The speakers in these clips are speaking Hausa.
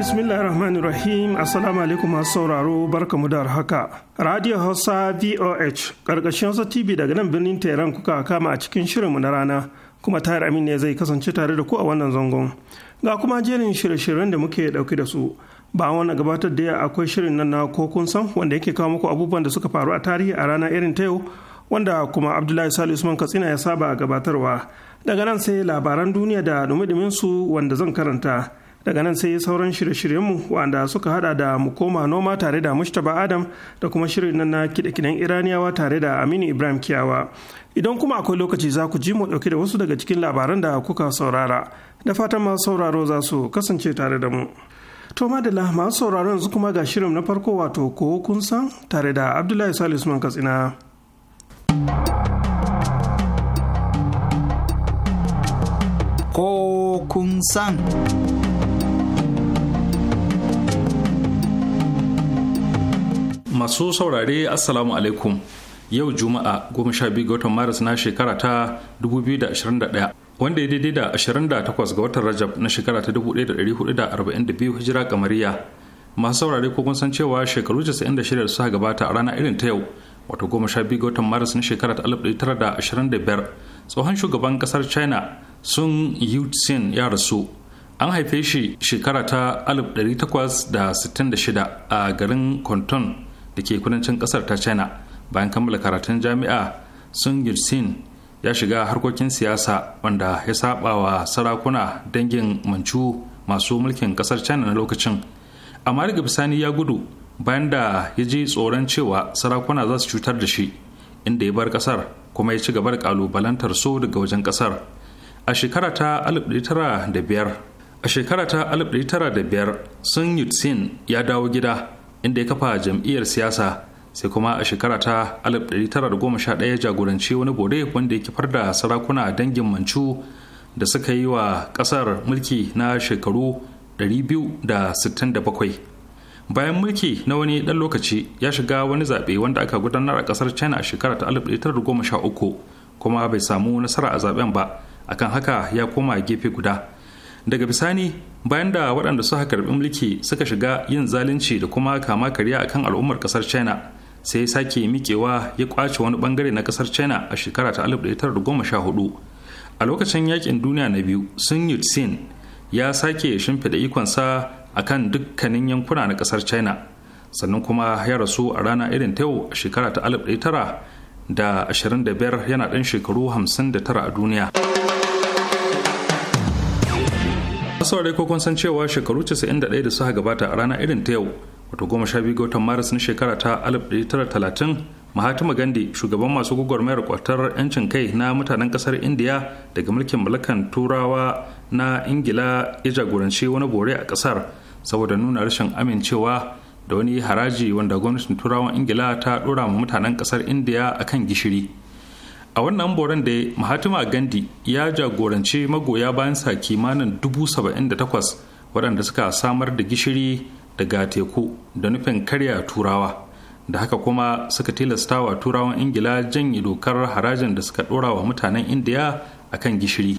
Bismillahirrahmanirrahim assalamu alaikum masu sauraro barkamu da haka radio hausa voh karkashin hausa tv daga nan birnin tehran kuka kama a cikin shirinmu na rana kuma tayar amin ne zai kasance tare da ku a wannan zangon ga kuma jerin shirye-shiryen da muke dauke da su ba wani gabatar da ya akwai shirin nan na ko kun san wanda yake kawo muku abubuwan da suka faru a tarihi a rana irin ta yau wanda kuma abdullahi sali usman katsina ya saba gabatarwa daga nan sai labaran duniya da dumi su wanda zan karanta daga nan sai sauran shirye-shiryenmu wanda suka hada da mu koma noma tare da mustapha adam da kuma shirin nan na kiɗe kiɗen iraniyawa tare da aminu ibrahim kiyawa idan kuma akwai lokaci za ku ji mu ɗauki da wasu daga cikin labaran da kuka saurara da fatan masu sauraro za su kasance tare da mu to madalla masu sauraro yanzu kuma ga shirin na farko wato ko kun san tare da abdullahi salisu man katsina ko kun san masu saurare assalamu alaikum yau juma'a 12 ga watan maris na shekara ta 2021 wanda ya daidai da 28 ga watan rajab na shekara ta 1442 hijira kamariya masu saurare ko kun san cewa shekaru 96 suka gabata a rana irin ta yau wato 12 ga watan maris na shekara ta 1925 tsohon shugaban kasar china sun yutsin ya rasu an haife shi shekara ta 1866 a garin Canton da ke kudancin kasar ta china bayan kammala karatun jami'a sun yilsin ya shiga harkokin siyasa wanda ya saba wa sarakuna dangin manchu masu mulkin kasar china na lokacin amma daga bisani ya gudu bayan da ya ji tsoron cewa sarakuna za su cutar da shi inda ya bar kasar kuma ya ci gaba da kalubalantar so daga wajen kasar a shekara ta 1905 a shekara ta 1905 sun yutsin ya dawo gida inda ya kafa jam'iyyar siyasa sai kuma a shekara ta 1911 ya jagoranci wani bore wanda ya kifar da sarakuna dangin mancu da suka yi wa kasar mulki na shekaru 267 bayan mulki na wani ɗan lokaci ya shiga wani zaɓe wanda aka gudanar a ƙasar china a shekara ta 1913 kuma bai samu nasara a zaɓen ba akan haka ya koma gefe guda daga bisani bayan da waɗanda suka karɓi mulki suka shiga yin zalunci da kuma kama karya akan al'ummar ƙasar china sai sake miƙewa ya kwace wani bangare na ƙasar china a shekara ta 1914 a lokacin yakin duniya na biyu sun yi yutsin ya sake shimfiɗa ikonsa a kan dukkanin yankuna na ƙasar china sannan kuma ya rasu a rana irin ta a shekara ta 1925 yana ɗan shekaru hamsin da tara a duniya. masu ko kun san cewa shekaru 91 da suka gabata a rana irin ta yau wato goma sha biyu ga watan maris na shekara ta 1930 mahatma gandhi shugaban masu gwagwarmayar kwatar yancin kai na mutanen kasar india daga mulkin mulkan turawa na ingila ya jagoranci wani bore a kasar saboda nuna rashin amincewa da wani haraji wanda gwamnatin turawan ingila ta dora mutanen kasar indiya akan gishiri a wannan boron da Mahatma gandhi ya jagorance magoya bayan sa kimanin 78,000 waɗanda suka samar da gishiri daga teku da nufin karya turawa da haka kuma suka tilasta wa turawan ingila janye dokar harajin da suka ɗora wa mutanen indiya akan gishiri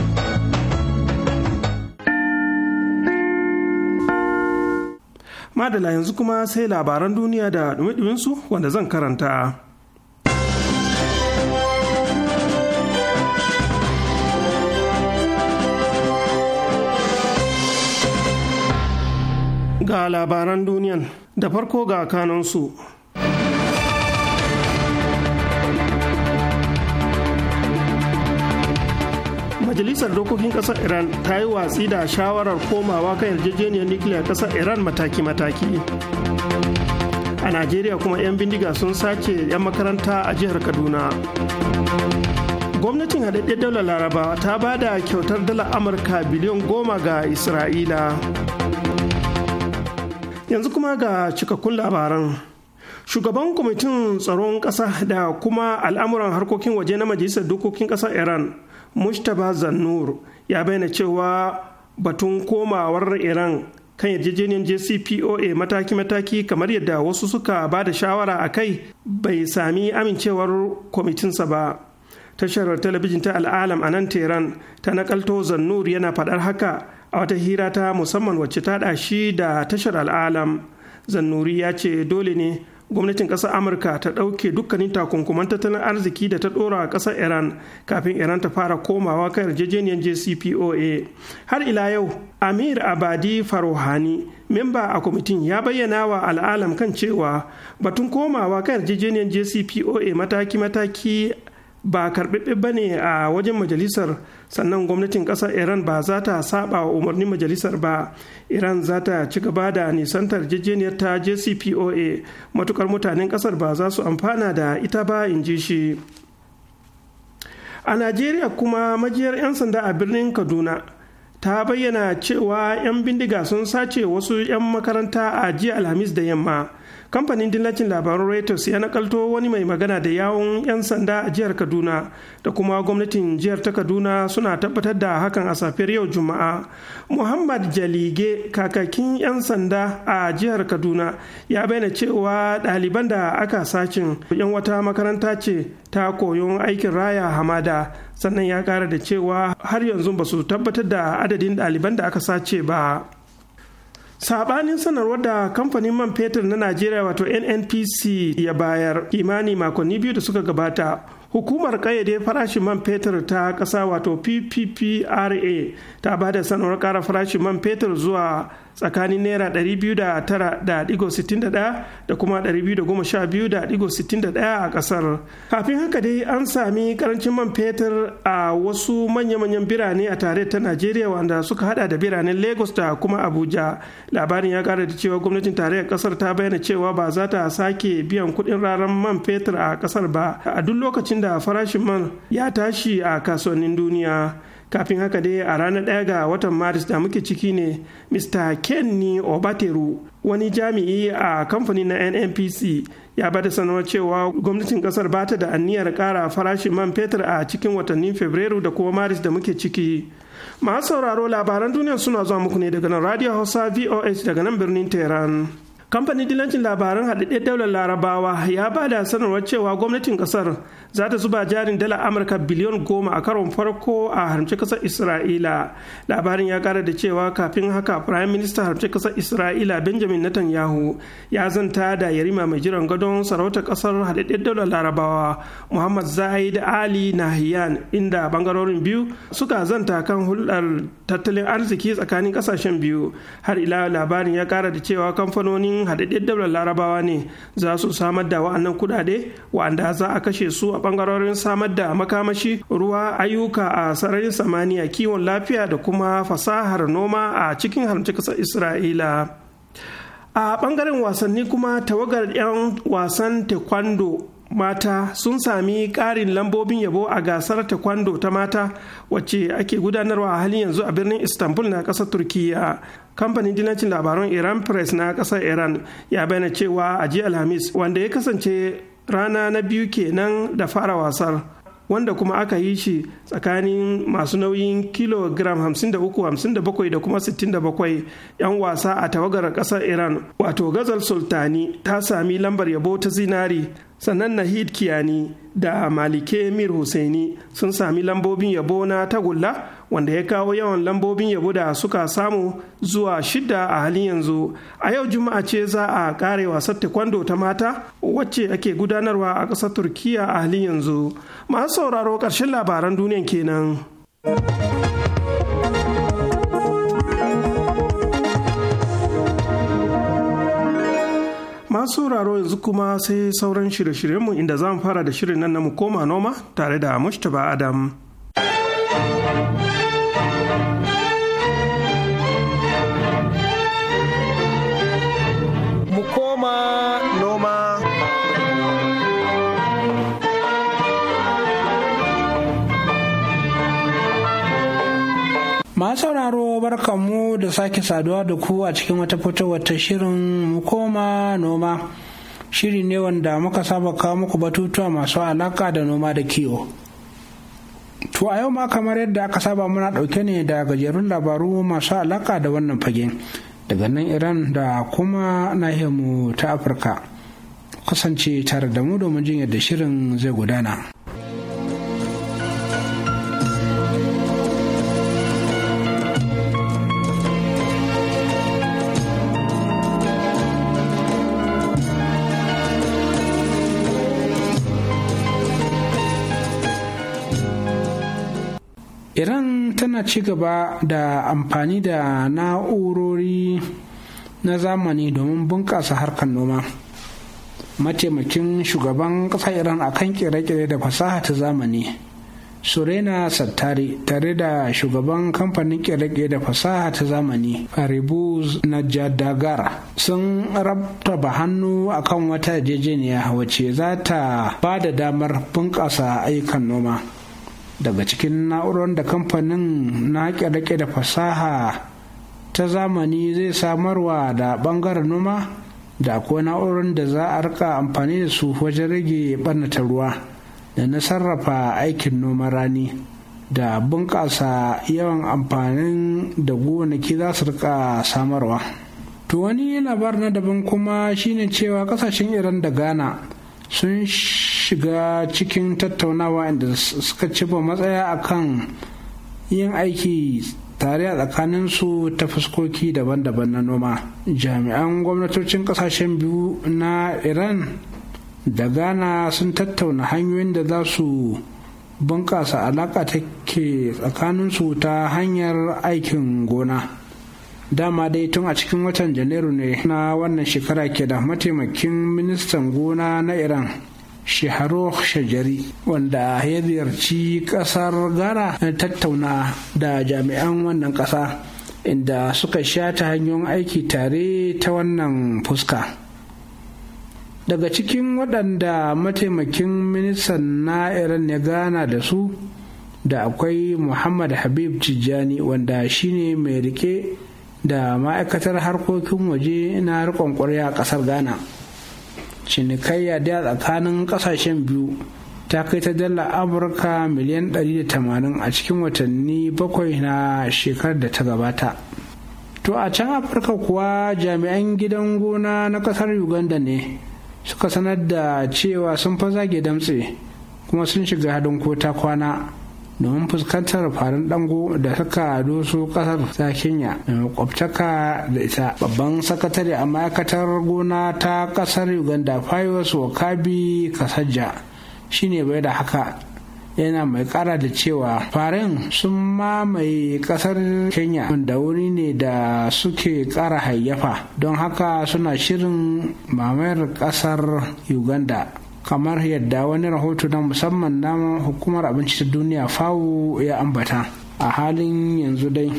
Madala yanzu kuma sai labaran duniya da su wanda zan karanta. Ga labaran duniyan da farko ga kanansu. majalisar dokokin ƙasar iran ta yi watsi da shawarar komawa kan yarjejeniyar nukiliyar kasar iran mataki-mataki a najeriya kuma 'yan bindiga sun sace 'yan makaranta a jihar kaduna gwamnatin haɗaɗɗen daular laraba ta ba da kyautar dala amurka biliyan goma ga isra'ila yanzu kuma ga cikakkun labaran shugaban kwamitin tsaron ƙasa da kuma al'amuran harkokin waje na majalisar dokokin ƙasar iran mustapha zannur ya bayyana cewa batun komawar iran kan yarjejeniyar jcpoa mataki-mataki kamar yadda wasu suka ba da shawara a kai bai sami amincewar kwamitinsa ba tashar talabijin ta al'alam a nan tehran ta nakalto zannur yana faɗar haka a wata hira ta musamman wacce ta shi da tashar al'alam zannuri ya ce dole ne gwamnatin ƙasar amurka ta ɗauke dukkanin takunkuman tattalin arziki da ta ɗora a ƙasar iran kafin iran ta fara komawa kan yarjejeniyar jcpoa har ila yau amir abadi farohani memba a kwamitin ya bayyana wa al'alam kan cewa batun komawa kan yarjejeniyar jcpoa mataki-mataki ba karɓaɓɓe ba ne a wajen majalisar sannan gwamnatin ƙasar iran ba za ta saba wa umarnin majalisar ba iran za ta ci gaba da nisantar jejjeniyar ta jcpoa matukar mutanen ƙasar ba za su amfana da ita ba in ji shi a najeriya kuma majiyar 'yan sanda a birnin kaduna ta bayyana cewa 'yan bindiga sun sace wasu 'yan makaranta a jiya alhamis da yamma kamfanin dillacin labarun reuters ya nakalto wani mai magana da yawon 'yan sanda a jihar kaduna da kuma gwamnatin jihar ta kaduna suna tabbatar da hakan a safiyar yau juma'a muhammad jalige kakakin 'yan sanda a jihar kaduna ya bayyana cewa ɗaliban da aka sacin 'yan wata makaranta ce ta koyon aikin raya hamada sannan ya kara da cewa har yanzu ba su tabbatar da adadin ɗaliban da aka sace ba. sabanin sanarwar da kamfanin man fetur na najeriya wato nnpc ya bayar kimani makonni biyu da suka gabata hukumar kayyade farashin man fetur ta ƙasa wato pppra ta bada sanarwar ƙara farashin man fetur zuwa tsakanin naira 209.61 da kuma 212.61 a kasar kafin haka dai an sami karancin man fetur a wasu manya-manyan birane a tare ta najeriya wanda suka hada da biranen lagos da kuma abuja labarin ya kara da cewa gwamnatin tarayyar kasar ta bayyana cewa ba za ta sake biyan kudin raran man fetur a kasar ba a duk lokacin da farashin man ya tashi a kasuwannin duniya kafin haka dai a ranar ɗaya ga watan maris da muke ciki ne mr kenny obateru wani jami'i a kamfanin na nnpc ya bada sanarwar cewa gwamnatin kasar ba ta da aniyar kara farashin man fetur a cikin watannin fabrairu da kuma maris da muke ciki masu sauraro labaran duniya suna zuwa muku ne daga nan radio hausa VOS, daga nan birnin tehran kamfanin dilancin labaran haɗaɗɗen daular larabawa ya ba da sanarwar cewa gwamnatin ƙasar za ta zuba jarin dala amurka biliyon goma a karon farko a harmce ƙasar isra'ila labarin ya kara da cewa kafin haka prime minister harmce ƙasar isra'ila benjamin netanyahu ya zanta da yarima mai jiran gadon sarautar ƙasar haɗaɗɗen daular larabawa muhammad zahid ali nahiyan inda bangarorin biyu suka zanta kan hulɗar tattalin arziki tsakanin ƙasashen biyu har ila labarin ya kara da cewa kamfanonin sojojin haɗaɗɗen daular larabawa ne za su samar da wa'annan kuɗaɗe wa'anda za a kashe su a ɓangarorin samar da makamashi ruwa ayyuka a sararin samaniya kiwon lafiya da kuma fasahar noma a cikin halittar ƙasar isra'ila a ɓangaren wasanni kuma tawagar 'yan wasan taekwondo mata sun sami ƙarin lambobin yabo a gasar ta kwando ta mata wacce ake gudanarwa a halin yanzu a birnin istanbul na ƙasar turkiya kamfanin dinacin labaran iran press na ƙasar iran ya bayyana cewa a jiya alhamis wanda ya kasance rana na biyu kenan da fara wasar wanda kuma aka yi shi tsakanin masu nauyin kilogram 53 da kuma 67 'yan wasa a tawagar ƙasar iran wato gazal sultani ta sami lambar yabo ta zinari sannan nahid kiyani da malike mir husaini sun sami lambobin yabo na tagulla wanda ya kawo yawan lambobin yabo da suka samu zuwa shidda a halin yanzu a yau juma'a ce za a kare wasar taekwondo ta mata wacce ake gudanarwa a ƙasar turkiya a halin yanzu masu sauraro ƙarshen labaran duniyan kenan. masu raro yanzu kuma sai sauran shirye-shiryenmu inda za mu fara da shirin nan na mu koma noma tare da Mustapha Adam. sauraro barkanmu da sake saduwa da ku a cikin wata fitowar ta shirin koma noma. Shiri ne wanda muka saba kawo muku batutuwa masu alaka da noma da kiwo. To a yau ma kamar yadda aka saba muna ɗauke ne da gajerun labaru masu alaka da wannan fage daga nan Iran da kuma nahiyarmu ta Afirka. Kasance tare da mu domin jin yadda shirin zai gudana. Na ci gaba da amfani da na'urori na zamani domin bunƙasa harkar noma mataimakin shugaban ƙasa iran akan kere-kere da fasaha ta zamani surena sattari tare da shugaban kamfanin kere-kere da fasaha ta zamani faribuz najadagar sun ba hannu akan wata yarjejeniya wacce za ta ba da damar bunƙasa ayyukan noma daga cikin na'urar da kamfanin na rake da fasaha ta zamani zai samarwa da bangaren noma da akwai na'urar da za a rika amfani da su wajen rage ɓannata ruwa da na sarrafa aikin noma rani da bunƙasa yawan amfanin da gonaki za su rika samarwa to wani labar na daban kuma shine cewa ƙasashen iran da ghana sun shiga cikin tattaunawa inda suka ci ba matsaya kan yin aiki tare a tsakaninsu ta fuskoki daban-daban na noma jami'an gwamnatocin kasashen biyu na iran da ghana sun tattauna hanyoyin da za su bunƙasa alaƙa take tsakaninsu ta hanyar aikin gona dama dai tun a cikin watan janairu ne na wannan shekara ke da mataimakin ministan gona na iran shaharo shajari wanda ya ziyarci kasar gara na tattauna da jami'an wannan kasa inda suka sha ta hanyoyin aiki tare ta wannan fuska daga cikin waɗanda mataimakin ministan na iran ya gana da su da akwai muhammad habib tijjani wanda shine mai rike da ma'aikatar harkokin waje na rikon kwarya a ƙasar ghana cinikayya da tsakanin ƙasashen biyu ta kai ta dala amurka miliyan 180 a cikin watanni bakwai na shekarar da ta gabata to a can afirka kuwa jami'an gidan gona na ƙasar uganda ne suka sanar da cewa sun fa zage damtse kuma sun shiga hadin kota kwana domin fuskantar farin dango da suka doso kasar ta kenya da makwabtaka da ita babban sakatare a ma'aikatar gona ta kasar uganda fayos wakabi kasajja shine bai da haka yana mai kara da cewa farin sun mamaye kasar kenya wanda wuri ne da suke kara hayyafa don haka suna shirin mamayar kasar uganda kamar yadda wani rahoto na musamman na hukumar abinci ta duniya fawo ya ambata a halin yanzu dai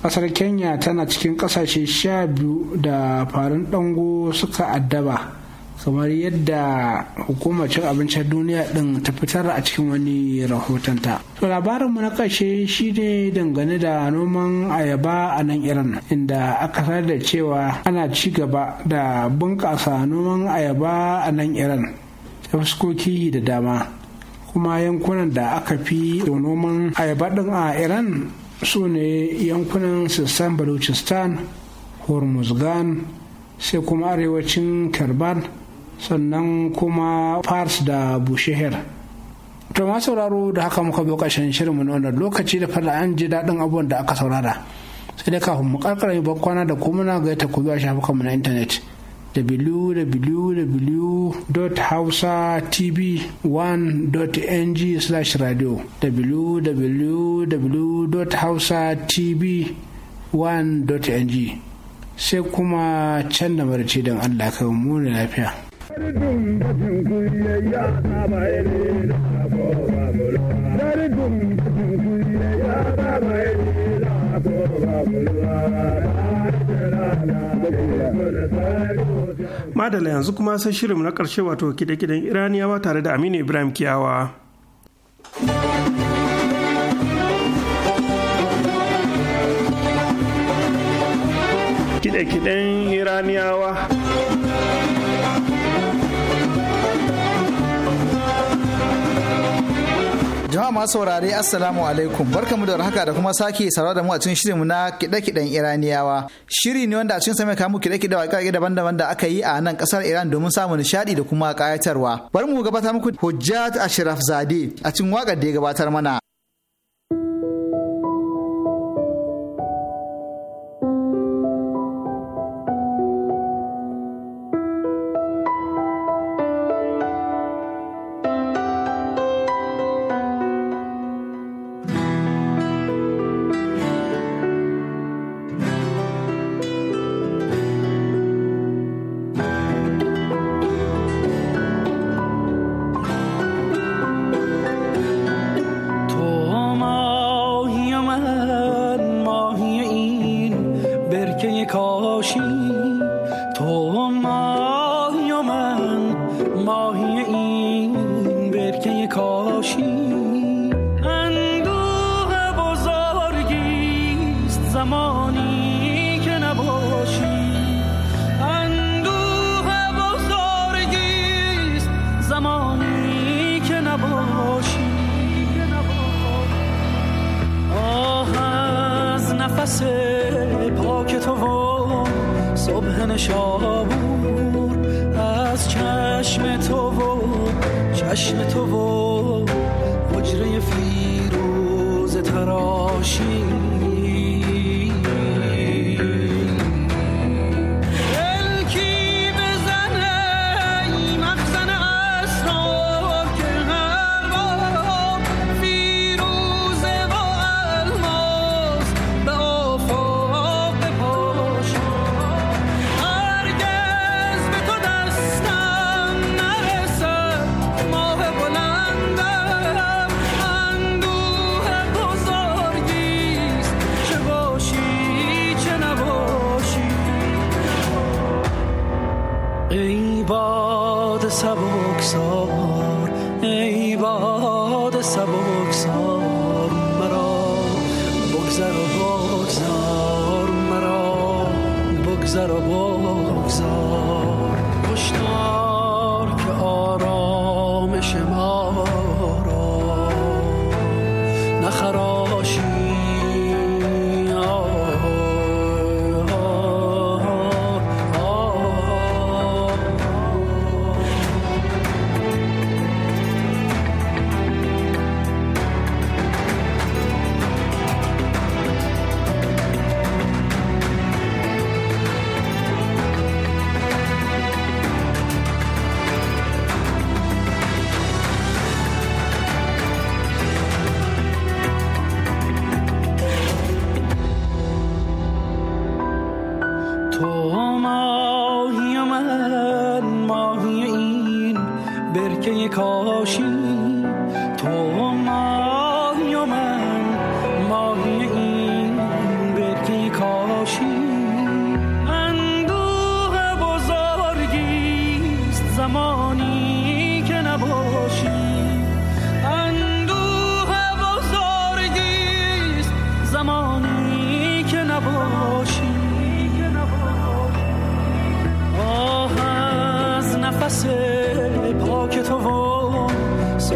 kasar kenya tana cikin kasashe sha biyu da farin dango suka addaba kamar yadda hukumar cin abincin duniya din ta fitar a cikin wani rahotonta. to labarin mu na ƙarshe ne dangane da noman ayaba a nan iran inda aka sanar da cewa ana ci gaba da bunƙasa noman ayaba a nan iran ta fuskoki da dama kuma yankunan da aka fi noman ayaba ɗin a iran su ne yankunan sassan baluchistan hormuzgan sai kuma arewacin karban sannan kuma fars da busheher. to ma sauraro da haka muka bi shirin shirinmu na wannan lokaci da fara an ji daɗin abubuwan da aka saurara sai dai kafin mu karkara yi kwana da kuma na gaita ku zuwa shafukanmu na intanet www.hausatv1.ng/radio slash www.hausatv1.ng sai kuma can da marci don Allah kai mu ne lafiya. Dari Madala yanzu kuma sai shirin na ƙarshe wato kide-kiden Iraniyawa tare da Aminu Ibrahim Kiyawa. Kide-kiden Iraniyawa. ma masu saurare assalamu alaikum barkamu da warhaka da kuma sake saurara da mu a cikin shirinmu na kide-kiden iraniyawa shiri ne wanda a cikin sami kamu kide-kide waƙe daban-daban da aka yi a nan kasar iran domin samun nishadi da kuma kayatarwa bari mu gabatar muku hujjat ashraf zade a cikin waƙar da ya gabatar mana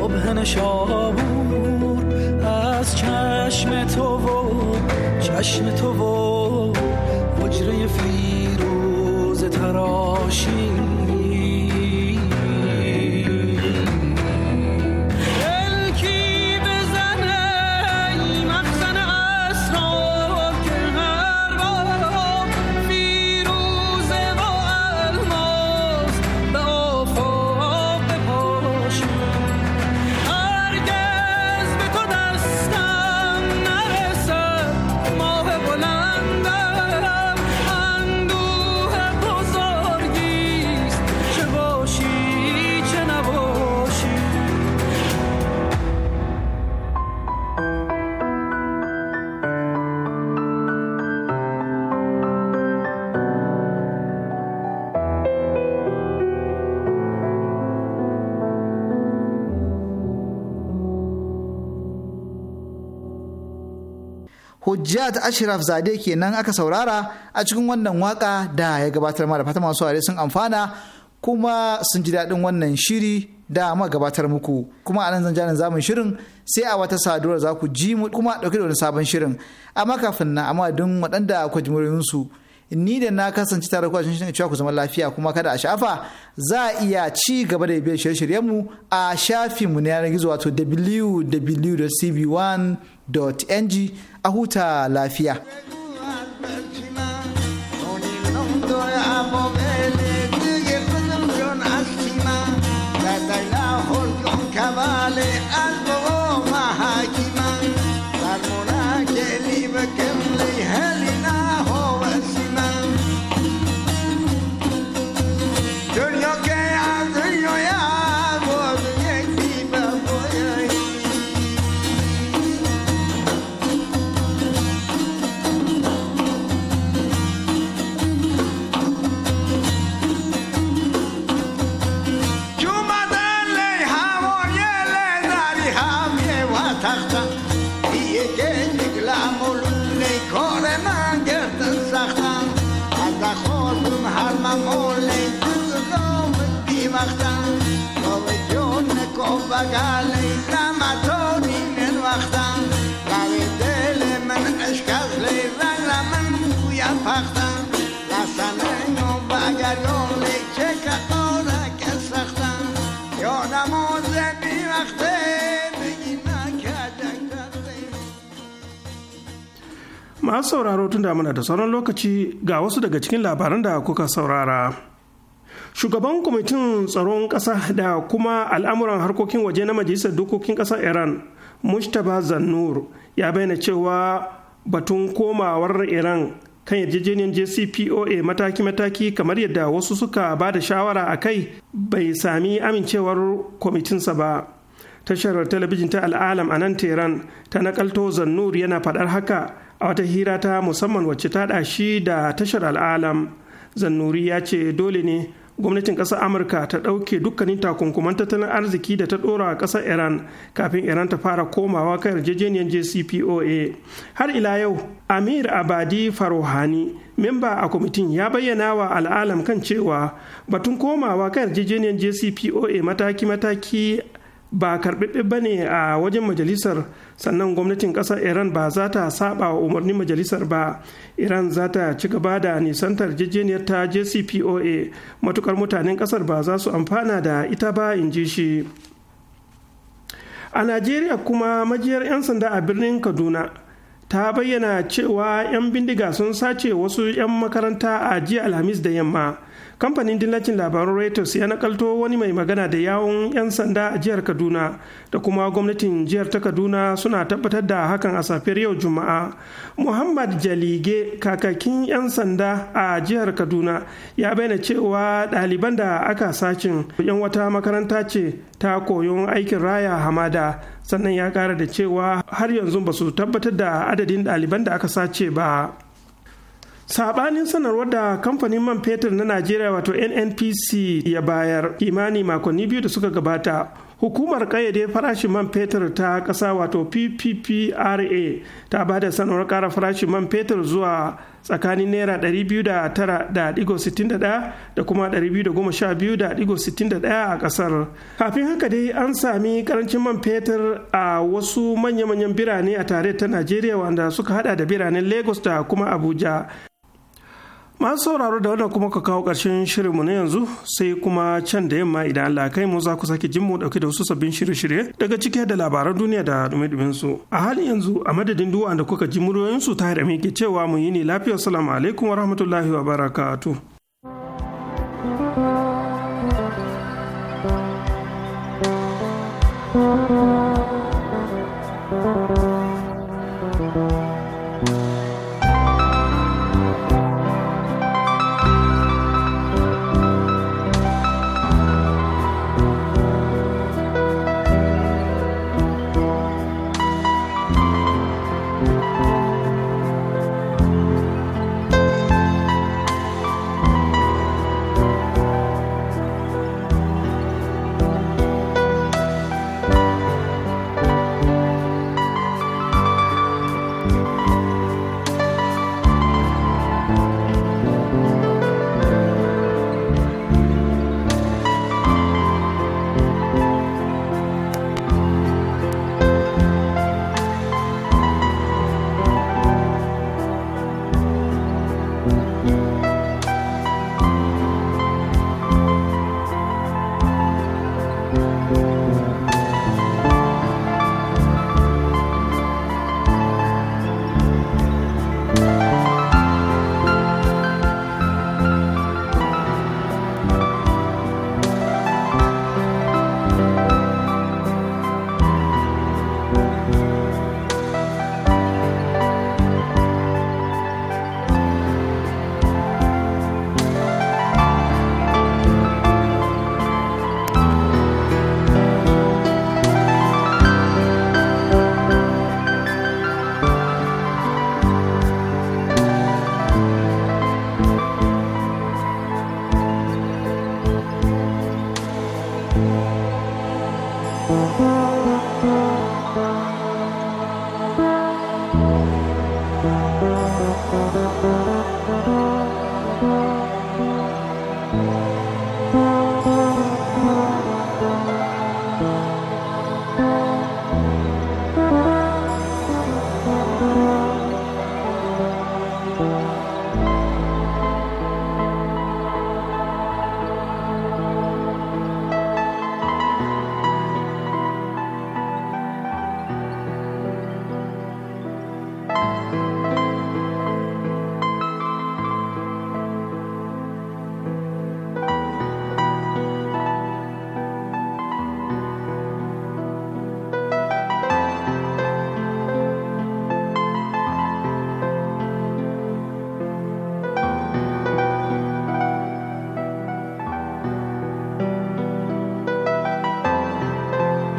صبح نشابور از چشم تو و چشم تو و وجره فیروز تراشی Hujjat Ashraf Zade kenan aka saurara a cikin wannan waka da ya gabatar mana fatan masu ware sun amfana kuma sun ji daɗin wannan shiri da ma gabatar muku kuma a nan zan zamun shirin sai a wata saduwar za ku ji mu kuma ɗauke da wani sabon shirin amma kafin na amma don waɗanda ku su ni da na kasance tare ku a cikin cewa ku zama lafiya kuma kada a shafa za a iya ci gaba da biyar shirye-shiryenmu a mu na yanar gizo wato www.cb1 ng a huta lafiya. masu sauraro tun muna da sauran lokaci ga wasu daga cikin labaran da kuka saurara shugaban kwamitin tsaron ƙasa da kuma al'amuran harkokin waje na majalisar dokokin ƙasar iran mustapha zannur ya bayyana cewa batun komawar iran kan yarjejeniyar jcpoa mataki-mataki kamar yadda wasu suka ba da shawara a kai bai sami amincewar kwamitinsa ba tashar talabijin ta al'alam a nan teran ta nakalto zannur yana faɗar haka a wata hira ta musamman wacce ta shi da tashar al'alam zannuri ya ce dole ne gwamnatin ƙasar amurka ta ɗauke dukkanin takunkuman tattalin arziki da ta ɗora a ƙasar iran kafin iran ta fara komawa kan yarjejeniyar jcpoa har ila yau amir abadi farohani memba a kwamitin ya bayyana wa al'alam kan cewa batun komawa kan yarjejeniyar jcpoa mataki-mataki ba karɓaɓɓe ba ne a wajen majalisar sannan gwamnatin ƙasar iran ba za ta saba wa umarnin majalisar ba iran za ta ci gaba da nisantar jejjeniyar ta jcpoa matukar mutanen ƙasar ba za su amfana da ita ba in ji shi a najeriya kuma majiyar 'yan sanda a birnin kaduna ta bayyana cewa 'yan bindiga sun sace wasu 'yan makaranta a jiya alhamis da yamma kamfanin dillacin labarun reuters ya nakalto wani mai magana da yawon 'yan sanda a jihar kaduna da kuma gwamnatin jihar ta kaduna suna tabbatar da hakan a safiyar yau juma'a muhammad jalige kakakin 'yan sanda a jihar kaduna ya bayyana cewa ɗaliban da aka sacin 'yan wata makaranta ce ta koyon aikin raya hamada sannan ya kara da cewa har yanzu ba su tabbatar da adadin ɗaliban da aka sace ba sabanin sanarwar da kamfanin man fetur na najeriya wato nnpc ya bayar imani makonni biyu da suka gabata hukumar kayyade farashin man fetur ta Kasa wato pppra ta ba da sanarwar ƙara farashin man fetur zuwa tsakanin naira 209.61 da kuma 212.61 a ƙasar kafin haka dai an sami karancin man fetur a wasu manya-manyan birane a tare ta najeriya wanda suka hada da biranen lagos da kuma abuja masu sauraro da wannan kuma ka kawo ƙarshen shirinmu na yanzu sai kuma can da yamma idan Allah kai mu za ku sake jin mu dauke da wasu sabbin shirye-shirye daga cike da labaran duniya da dumi su a halin yanzu a madadin duwa da kuka ji muryoyin su ta da ke cewa mu yi ne lafiyar salamu alaikum wa rahmatullahi wa barakatu.